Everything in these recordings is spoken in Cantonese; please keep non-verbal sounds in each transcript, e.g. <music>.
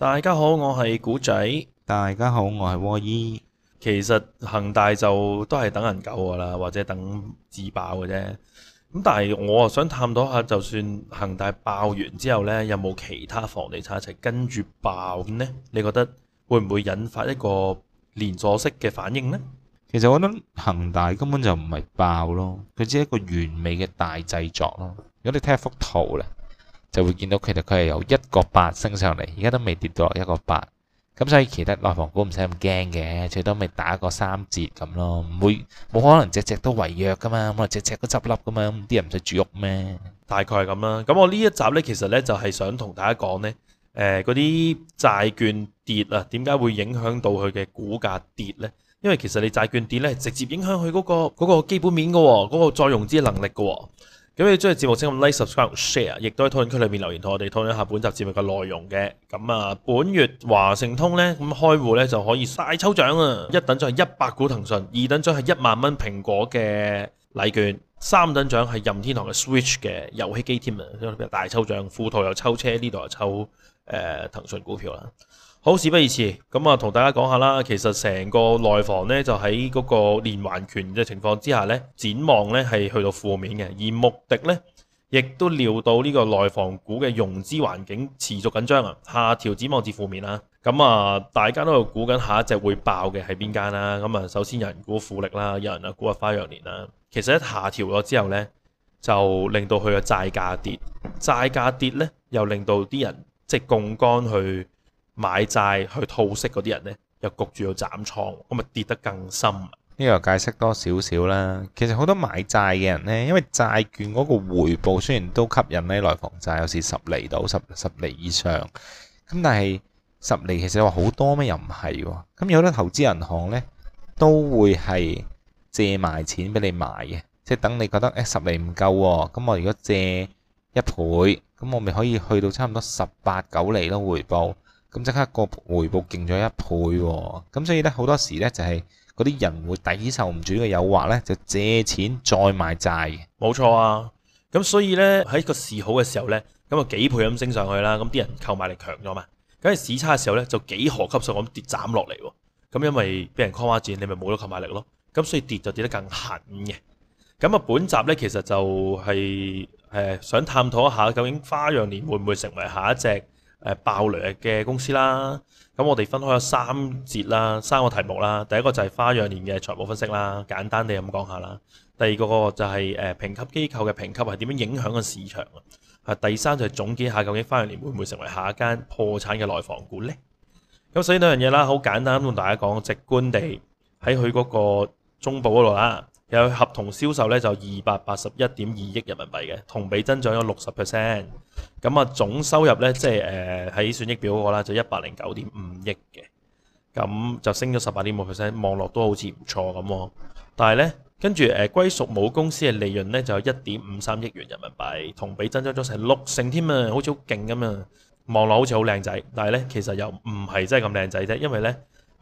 大家好，我係古仔。大家好，我係窩醫。其實恆大就都係等人救㗎啦，或者等自爆嘅啫。咁但係我又想探討下，就算恆大爆完之後呢，有冇其他房地產一齊跟住爆呢？你覺得會唔會引發一個連鎖式嘅反應呢？其實我覺得恆大根本就唔係爆咯，佢只係一個完美嘅大製作咯。如果你睇下幅圖咧。就會見到其實，佢係由一個八升上嚟，而家都未跌到落一個八，咁所以其他內房股唔使咁驚嘅，最多咪打個三折咁咯，唔會冇可能隻只都違約噶嘛，冇可能隻只都執笠噶嘛，啲人唔使住屋咩？大概係咁啦。咁我呢一集呢，其實呢就係想同大家講呢，誒嗰啲債券跌啊，點解會影響到佢嘅股價跌呢？因為其實你債券跌呢，直接影響佢嗰個基本面噶喎，嗰、嗰個再融資能力噶喎。咁你中意節目請咁 like、subscribe、share，亦都喺討論區裏面留言同我哋討論一下本集節目嘅內容嘅。咁啊，本月華盛通咧咁開戶咧就可以大抽獎啊！一等獎係一百股騰訊，二等獎係一萬蚊蘋果嘅禮券，三等獎係任天堂嘅 Switch 嘅遊戲機添啊！咁樣大抽獎，富途又抽車，呢度又抽誒、呃、騰訊股票啦。好事不宜遲咁啊！同、嗯、大家講下啦，其實成個內房呢，就喺嗰個連環拳嘅情況之下呢展望呢係去到負面嘅。而穆迪呢亦都料到呢個內房股嘅融資環境持續緊張啊，下調展望至負面啦。咁啊，大家都係估緊下一隻會爆嘅係邊間啦？咁啊，首先有人估富力啦，有人啊估阿花樣年啦。其實一下調咗之後呢，就令到佢嘅債價跌，債價跌呢，又令到啲人即係槓杆去。買債去套息嗰啲人呢，又焗住要斬倉，咁咪跌得更深。呢個解釋多少少啦。其實好多買債嘅人呢，因為債券嗰個回報雖然都吸引呢，內房債有時十厘到十十釐以上，咁但係十厘其實話好多咩？又唔係喎。咁有啲投資銀行呢，都會係借埋錢俾你買嘅，即係等你覺得誒十厘唔夠喎，咁我如果借一倍，咁我咪可以去到差唔多十八九厘咯回報。咁即刻個回報勁咗一倍喎。哦，咁所以咧好多時咧就係嗰啲人會抵受唔住嘅誘惑咧，就借錢再賣債。冇錯啊，咁所以咧喺個市好嘅時候咧，咁啊幾倍咁升上去啦，咁啲人購買力強咗嘛，梗係市差嘅時候咧就幾何級數咁跌斬落嚟喎，咁因為俾人框蝦住，你咪冇咗購買力咯，咁所以跌就跌得更狠嘅。咁啊本集咧其實就係、是、誒想探討一下究竟花樣年會唔會成為下一隻？誒爆雷嘅公司啦，咁我哋分開咗三節啦，三個題目啦。第一個就係花樣年嘅財務分析啦，簡單地咁講下啦。第二個就係誒評級機構嘅評級係點樣影響個市場啊？第三就係總結下究竟花樣年會唔會成為下一間破產嘅內房股呢？咁所以兩樣嘢啦，好簡單同大家講，直觀地喺佢嗰個中報嗰度啦。有合同銷售咧就二百八十一點二億人民幣嘅，同比增長咗六十 percent。咁、嗯、啊，總收入咧即係誒喺損益表嗰，那個啦，就一百零九點五億嘅。咁、嗯、就升咗十八點五 percent，望落都好似唔錯咁。但係咧，跟住誒歸屬母公司嘅利潤咧就有一點五三億元人民幣，同比增長咗成六成添啊，好似好勁咁啊。望落好似好靚仔，但係咧其實又唔係真係咁靚仔啫，因為咧。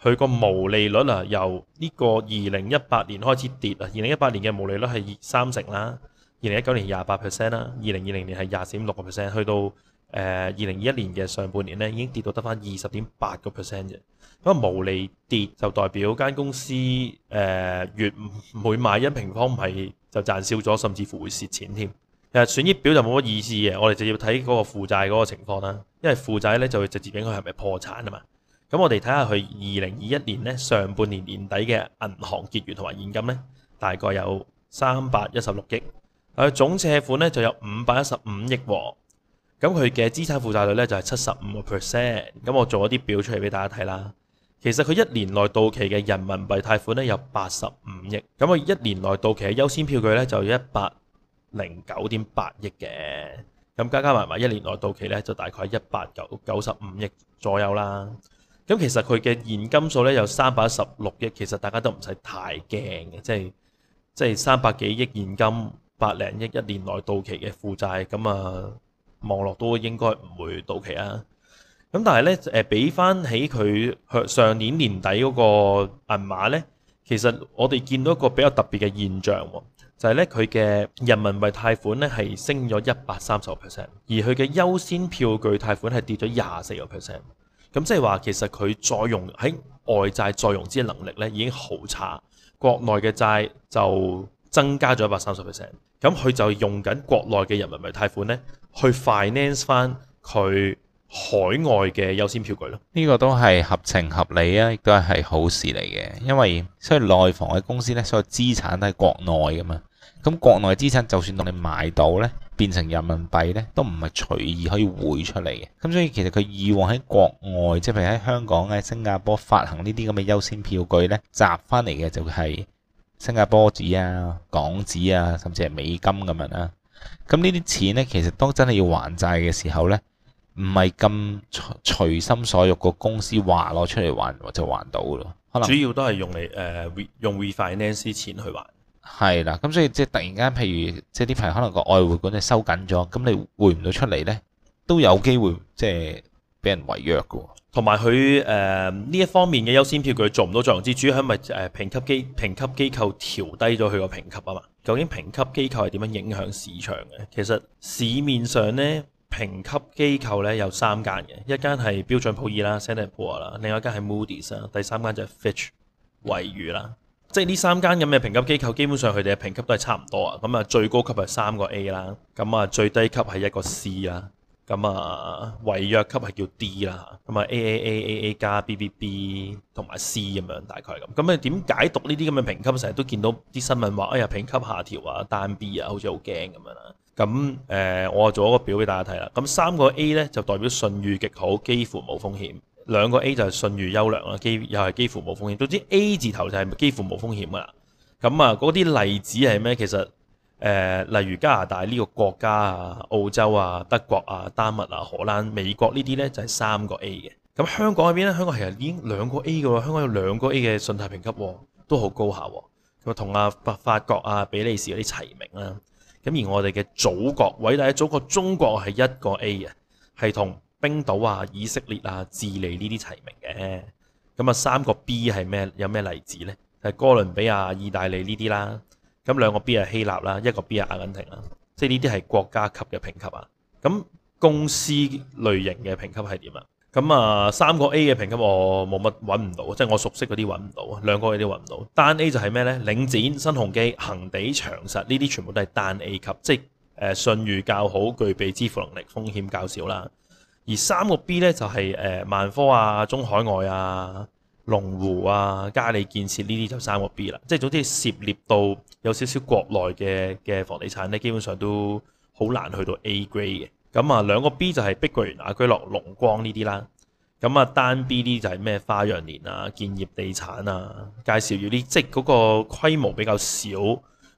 佢個毛利率啊，由呢個二零一八年開始跌啊，二零一八年嘅毛利率係三成啦，二零一九年廿八 percent 啦，二零二零年係廿四點六個 percent，去到誒二零二一年嘅上半年咧，已經跌到得返二十點八個 percent 啫。咁啊毛利跌就代表間公司誒月每賣一平方米就賺少咗，甚至乎會蝕錢添。其實損益表就冇乜意思嘅，我哋直接睇嗰個負債嗰個情況啦，因為負債咧就會直接影響係咪破產啊嘛。咁我哋睇下佢二零二一年咧上半年年底嘅銀行結餘同埋現金咧，大概有三百一十六億。佢、啊、總借款咧就有五百一十五億喎。咁佢嘅資產負債率咧就係七十五個 percent。咁我做一啲表出嚟俾大家睇啦。其實佢一年內到期嘅人民幣貸款咧有八十五億，咁佢一年內到期嘅優先票據咧就一百零九點八億嘅，咁加加埋埋一年內到期咧就大概一百九九十五億左右啦。咁其實佢嘅現金數咧有三百一十六億，其實大家都唔使太驚嘅，即係即係三百幾億現金，百零億一年內到期嘅負債，咁啊，望落都應該唔會到期啊。咁但係咧，誒俾翻起佢上年年底嗰個銀碼咧，其實我哋見到一個比較特別嘅現象喎，就係咧佢嘅人民幣貸款咧係升咗一百三十個 percent，而佢嘅優先票據貸款係跌咗廿四個 percent。咁即係話，其實佢再用喺外債再融資嘅能力咧，已經好差。國內嘅債就增加咗一百三十 percent，咁佢就用緊國內嘅人民幣貸款咧，去 finance 翻佢海外嘅優先票據咯。呢個都係合情合理啊，亦都係好事嚟嘅，因為所以內房嘅公司咧，所有資產都係國內噶嘛。咁國內資產就算同你買到咧，變成人民幣咧，都唔係隨意可以匯出嚟嘅。咁所以其實佢以往喺國外，即係譬如喺香港、喺新加坡發行呢啲咁嘅優先票據咧，集翻嚟嘅就係新加坡紙啊、港紙啊，甚至係美金咁樣啦。咁呢啲錢咧，其實當真係要還債嘅時候咧，唔係咁隨心所欲個公司話攞出嚟還就還到咯。主要都係用嚟誒、呃、用 refinance 錢去還。係啦，咁所以即係突然間，譬如即係啲朋友可能個外匯管就收緊咗，咁你匯唔到出嚟呢，都有機會即係俾人違約嘅。同埋佢誒呢一方面嘅優先票據，佢做唔到作用之主，主要係咪誒評級機評級機構調低咗佢個評級啊嘛？究竟評級機構係點樣影響市場嘅？其實市面上呢，評級機構呢有三間嘅，一間係標準普爾啦 Standard & Poor's 啦，另外一間係 Moody's 啊，第三間就係 Fitch，惠譽啦。即係呢三間咁嘅評級機構，基本上佢哋嘅評級都係差唔多啊。咁啊，最高級係三個 A 啦，咁啊最低級係一個 C 啦，咁啊違約級係叫 D 啦，咁啊 AAA AA 加 BBB 同埋 C 咁樣大概咁。咁你點解讀呢啲咁嘅評級？成日都見到啲新聞話，哎呀評級下調啊，單 B 啊，好似好驚咁樣啦。咁誒，我做一個表俾大家睇啦。咁三個 A 呢，就代表信譽極好，幾乎冇風險。兩個 A 就係信譽優良啦，幾又係幾乎冇風險。總之 A 字頭就係幾乎冇風險噶啦。咁啊，嗰啲例子係咩？其實誒、呃，例如加拿大呢個國家啊、澳洲啊、德國啊、丹麥啊、荷蘭、美國呢啲呢，就係、是、三個 A 嘅。咁香港嗰邊咧，香港其實已經兩個 A 嘅喎，香港有兩個 A 嘅信貸評級，都好高下喎，咁同啊法法國啊比利時嗰啲齊名啦。咁而我哋嘅祖國，偉大嘅祖國中國係一個 A 嘅，係同。冰島啊、以色列啊、智利呢啲齊名嘅，咁啊三個 B 係咩？有咩例子呢？係、就係、哥倫比亞、意大利呢啲啦。咁兩個 B 係希臘啦，一個 B 係阿根廷啦。即係呢啲係國家級嘅評級啊。咁公司類型嘅評級係點啊？咁啊三個 A 嘅評級我冇乜揾唔到，即、就、係、係、我熟悉嗰啲揾唔到啊。兩個 A 都揾唔到，單 A 就係咩呢？領展、新鴻基、恒地、長實呢啲全部都係單 A 級，即係信譽較好，具備支付能力，風險較少啦。而三個 B 咧就係、是、誒、呃、萬科啊、中海外啊、龍湖啊、嘉里建設呢啲就三個 B 啦，即係總之涉獵到有少少國內嘅嘅房地產咧，基本上都好難去到 A grade 嘅。咁啊兩個 B 就係碧桂園、雅居樂、龍光呢啲啦。咁啊單 B 啲就係咩花樣年啊、建業地產啊、介紹要啲，即係嗰個規模比較少，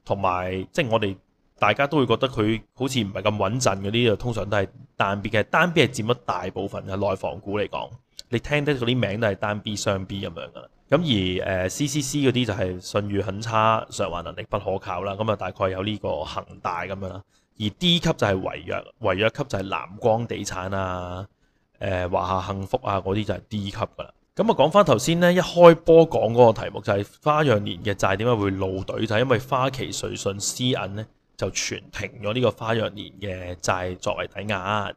同埋即係我哋。大家都會覺得佢好似唔係咁穩陣嗰啲，就通常都係單 B 嘅。單 B 係佔咗大部分嘅內房股嚟講，你聽得嗰啲名都係單 B、雙 B 咁樣嘅。咁而誒、呃、CCC 嗰啲就係信譽很差、償還能力不可靠啦。咁啊，大概有呢個恒大咁樣啦。而 D 級就係違約，違約級就係藍光地產啊、誒、呃、華夏幸福啊嗰啲就係 D 級噶啦。咁啊，講翻頭先咧，一開波講嗰個題目就係花樣年嘅債點解會露隊，就係、是、因為花旗瑞信私銀咧。就全停咗呢個花樣年嘅債作為抵押，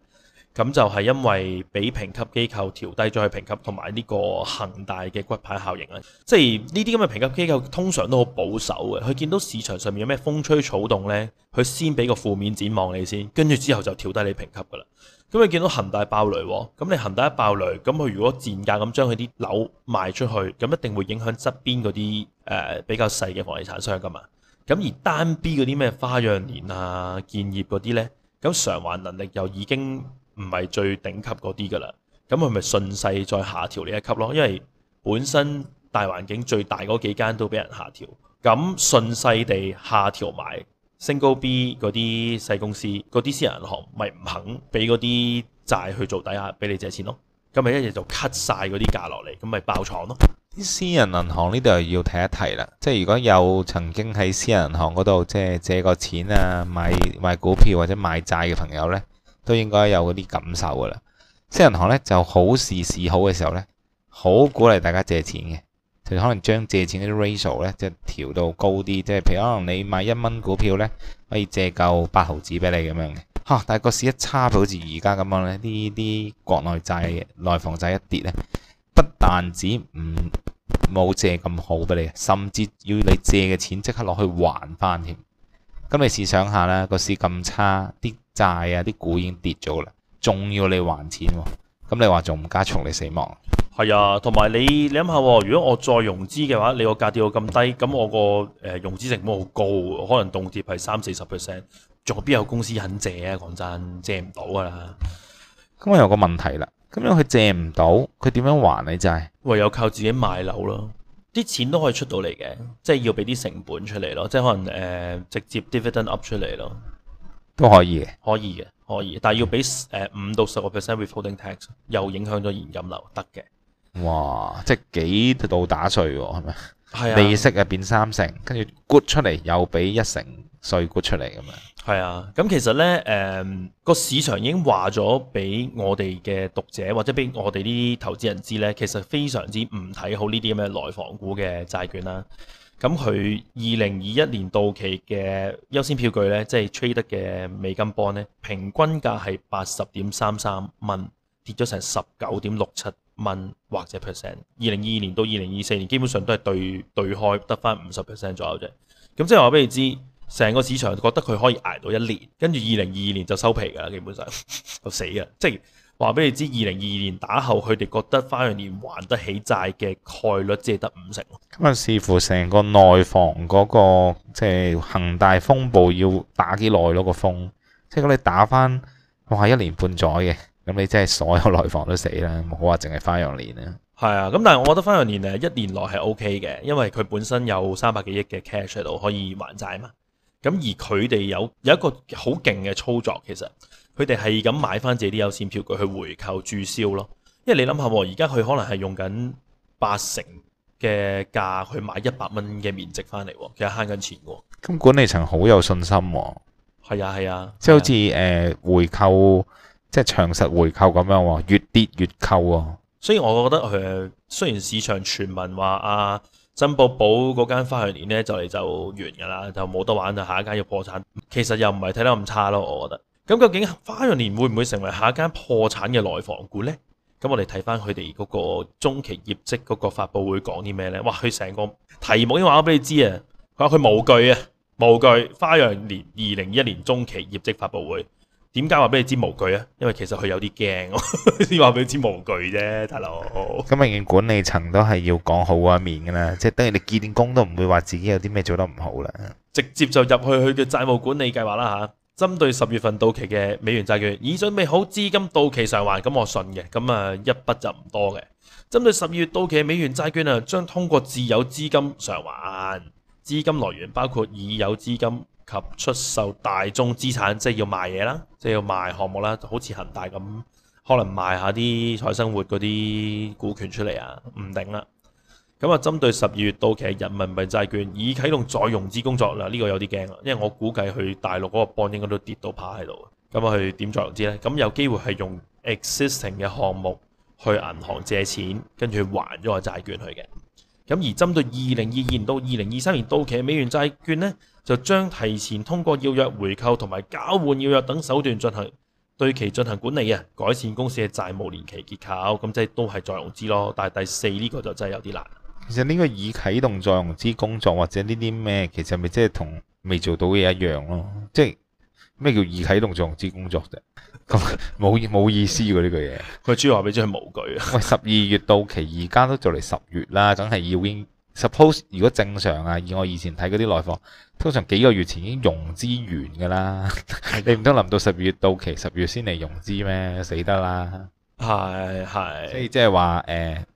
咁就係因為俾評級機構調低咗佢評級，同埋呢個恒大嘅骨牌效應啊！即係呢啲咁嘅評級機構通常都好保守嘅，佢見到市場上面有咩風吹草動呢，佢先俾個負面展望你先，跟住之後就調低你評級噶啦。咁佢見到恒大爆雷，咁你恒大一爆雷，咁佢如果賤價咁將佢啲樓賣出去，咁一定會影響側邊嗰啲誒比較細嘅房地產商噶嘛。咁而單 B 嗰啲咩花樣年啊、建業嗰啲呢，咁償還能力又已經唔係最頂級嗰啲㗎喇，咁佢咪順勢再下調呢一級咯？因為本身大環境最大嗰幾間都俾人下調，咁順勢地下調埋，升高 B 嗰啲細公司，嗰啲私人銀行咪唔肯俾嗰啲債去做抵押俾你借錢咯，咁咪一日就 cut 晒嗰啲價落嚟，咁咪爆廠咯。私人銀行呢度要提一提啦，即係如果有曾經喺私人銀行嗰度即係借過錢啊、買買股票或者買債嘅朋友呢，都應該有嗰啲感受噶啦。私人銀行呢就好事市好嘅時候呢，好鼓勵大家借錢嘅，就可能將借錢嗰啲 ratio 咧即係調到高啲，即係譬如可能你買一蚊股票呢，可以借夠八毫紙俾你咁樣嘅。吓、啊，但係個市一差，好似而家咁樣呢，呢啲國內債、內房債一跌呢。不但止唔冇借咁好俾你，甚至要你借嘅錢即刻落去還翻添。咁你試想下啦，個市咁差，啲債啊、啲股已經跌咗啦，仲要你還錢喎。咁你話仲唔加重你死亡？係啊，同埋你你諗下、哦，如果我再融資嘅話，你個價跌到咁低，咁我個誒融資成本好高，可能動輒係三四十 percent，仲邊有公司肯借啊？講真，借唔到噶啦。咁我有個問題啦。咁樣佢借唔到，佢點樣還你債？唯有靠自己賣樓咯，啲錢都可以出到嚟嘅，嗯、即係要俾啲成本出嚟咯，即係可能誒、呃、直接 dividend up 出嚟咯，都可以嘅，可以嘅，可以，但係要俾誒五到十個 percent withholding tax，又影響咗現金流得嘅。哇，即係幾度打稅係咪？係啊，啊利息啊變三成，跟住 good 出嚟又俾一成。碎股出嚟咁啊！係啊，咁其實呢誒，個、嗯、市場已經話咗俾我哋嘅讀者或者俾我哋啲投資人知呢，其實非常之唔睇好呢啲咁嘅內房股嘅債券啦。咁佢二零二一年到期嘅優先票據呢，即係 trade、er、嘅美金 bond 呢，平均價係八十點三三蚊，跌咗成十九點六七蚊，或者 percent。二零二二年到二零二四年，基本上都係對對開得翻五十 percent 左右啫。咁即係話俾你知。成個市場覺得佢可以挨到一年，跟住二零二二年就收皮㗎啦，基本上 <laughs> 就死㗎。即係話俾你知，二零二二年打後，佢哋覺得花樣年還得起債嘅概率只係得五成。咁啊，視乎成個內房嗰個，即係恒大風暴要打幾耐咯？個風，即係講你打翻我話一年半載嘅，咁你即係所有內房都死啦，冇話淨係花樣年啦。係啊，咁但係我覺得花樣年誒一年內係 OK 嘅，因為佢本身有三百幾億嘅 cash 喺度可以還債嘛。咁而佢哋有有一個好勁嘅操作，其實佢哋係咁買翻自己啲優先票據去回購註銷咯。因為你諗下，而家佢可能係用緊八成嘅價去買一百蚊嘅面值翻嚟，其實慳緊錢㗎。咁管理層好有信心喎。係啊係啊，即係、啊啊、好似誒回購，即係長實回購咁樣，越跌越溝。所以我覺得誒，雖然市場傳聞話啊，新寶寶嗰間花樣年咧就嚟就完㗎啦，就冇得玩就下一間要破產。其實又唔係睇得咁差咯，我覺得。咁究竟花樣年會唔會成為下一間破產嘅內房股呢？咁我哋睇翻佢哋嗰個中期業績嗰個發布會講啲咩呢？哇！佢成個題目已經話俾你知啊，佢話佢無懼啊，無懼花樣年二零一年中期業績發布會。點解話俾你知模具啊？因為其實佢有啲驚，先話俾你知模具啫，大佬。咁明顯管理層都係要講好一面噶啦，即係等於你見工都唔會話自己有啲咩做得唔好啦。直接就入去佢嘅債務管理計劃啦吓，針對十月份到期嘅美元債券，已準備好資金到期償還，咁我信嘅，咁啊一筆就唔多嘅。針對十二月到期嘅美元債券啊，將通過自有資金償還，資金來源包括已有資金。及出售大宗資產，即係要賣嘢啦，即係要賣項目啦，好似恒大咁，可能賣下啲彩生活嗰啲股權出嚟啊，唔定啦。咁啊，針對十二月到期嘅人民幣債券，已啟動再融資工作啦，呢、這個有啲驚啊，因為我估計去大陸嗰個 bond 應該都跌到趴喺度，咁啊去點再融資呢。咁有機會係用 existing 嘅項目去銀行借錢，跟住還咗個債券去嘅。咁而針對二零二二年到二零二三年到期嘅美元債券呢，就將提前通過要約回購同埋交換要約等手段進行，對其進行管理啊，改善公司嘅債務年期結構。咁即係都係再融資咯。但係第四呢個就真係有啲難。其實呢個已啟動再融資工作或者呢啲咩，其實咪即係同未做到嘅一樣咯，即係。咩叫已啟動融資工作啫？冇 <laughs> 冇意思喎呢句嘢。佢、即係、 <laughs> 主要話俾咗佢模具啊。喂，十二月到期，而家都做嚟十月啦，梗係要應。Suppose 如果正常啊，以我以前睇嗰啲內房，通常幾個月前已經融資完噶啦。 <laughs> 你唔通臨到十月到期，十月先嚟融資咩？死得啦！係係。即係即係話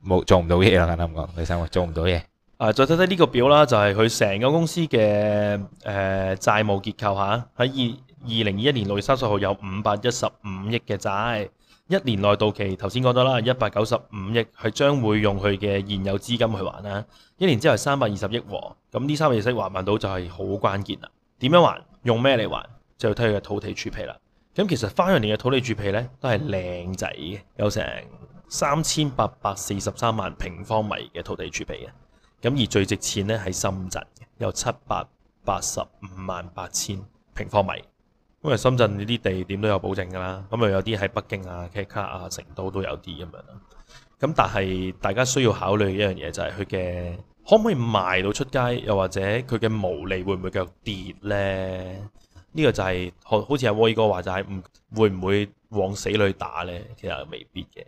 冇做唔到嘢啦，咁講你想話做唔到嘢？啊，再睇睇呢個表啦，就係佢成個公司嘅誒、呃、債務結構嚇喺二二零二一年六月三十號有五百一十五億嘅債，一年內到期。頭先講咗啦，一百九十五億係將會用佢嘅現有資金去還啦。一年之後三百二十億喎，咁呢三樣嘢還唔到就係好關鍵啦。點樣還？用咩嚟還？就睇佢嘅土地儲備啦。咁其實花樣年嘅土地儲備呢都係靚仔嘅，有成三千八百四十三萬平方米嘅土地儲備嘅。咁而最值錢呢係深圳有七百八十五萬八千平方米。因為深圳呢啲地點都有保證㗎啦，咁、嗯、啊有啲喺北京啊、卡卡啊、成都都有啲咁樣，咁但係大家需要考慮一樣嘢就係佢嘅可唔可以賣到出街，又或者佢嘅毛利會唔會繼續跌呢？呢、這個就係、是、好，好似阿威哥話就係、是、唔會唔會往死裏打呢？其實未必嘅。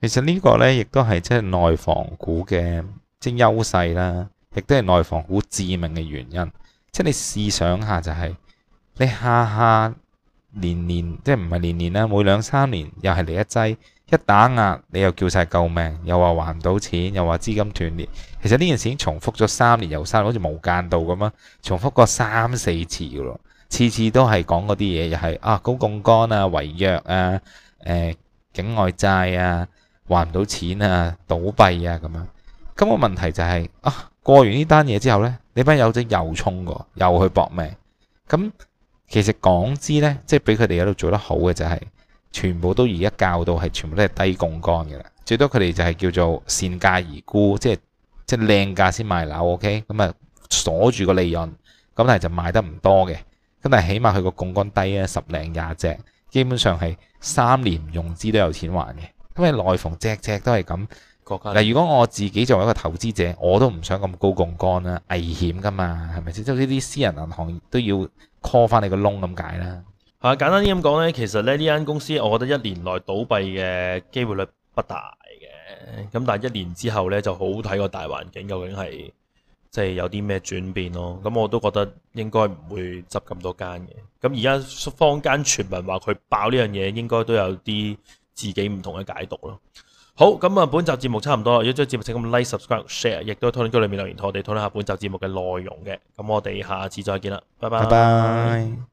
其實呢個呢，亦都係即係內房股嘅即係優勢啦，亦都係內房股致命嘅原因。即係你試想下就係、是。你下下年年即係唔係年年啦，每兩三年又係嚟一劑一打壓，你又叫晒救命，又話還唔到錢，又話資金斷裂。其實呢件事已經重複咗三年又三年，好似無間道咁樣，重複過三四次噶，次次都係講嗰啲嘢，又係啊高槓桿啊違約啊，誒、呃、境外債啊還唔到錢啊倒閉啊咁樣。咁、個問題就係、是、啊過完呢單嘢之後呢，你班友仔又衝過，又去搏命咁。其實港資呢，即係俾佢哋喺度做得好嘅就係、是，全部都而家教到係全部都係低槓桿嘅啦。最多佢哋就係叫做善價而沽，即係即係靚價先賣樓，OK？咁啊鎖住個利潤，咁但係就賣得唔多嘅，咁但係起碼佢個槓桿低啊十零廿隻，基本上係三年唔融資都有錢還嘅，因為內房隻隻都係咁。嗱，如果我自己作為一個投資者，我都唔想咁高槓桿啦，危險噶嘛，係咪先？即係呢啲私人銀行都要 call 翻你個窿咁解啦。係啊，簡單啲咁講呢，其實咧呢間公司，我覺得一年內倒閉嘅機會率不大嘅。咁但係一年之後呢，就好睇個大環境究竟係即係有啲咩轉變咯。咁我都覺得應該唔會執咁多間嘅。咁而家坊間傳聞話佢爆呢樣嘢，應該都有啲自己唔同嘅解讀咯。好，咁啊，本集節目差唔多啦，如果將節目，請撳 like、subscribe、share，亦都喺討論區裏面留言，同我哋討論下本集節目嘅內容嘅，咁我哋下次再見啦，拜拜。拜拜。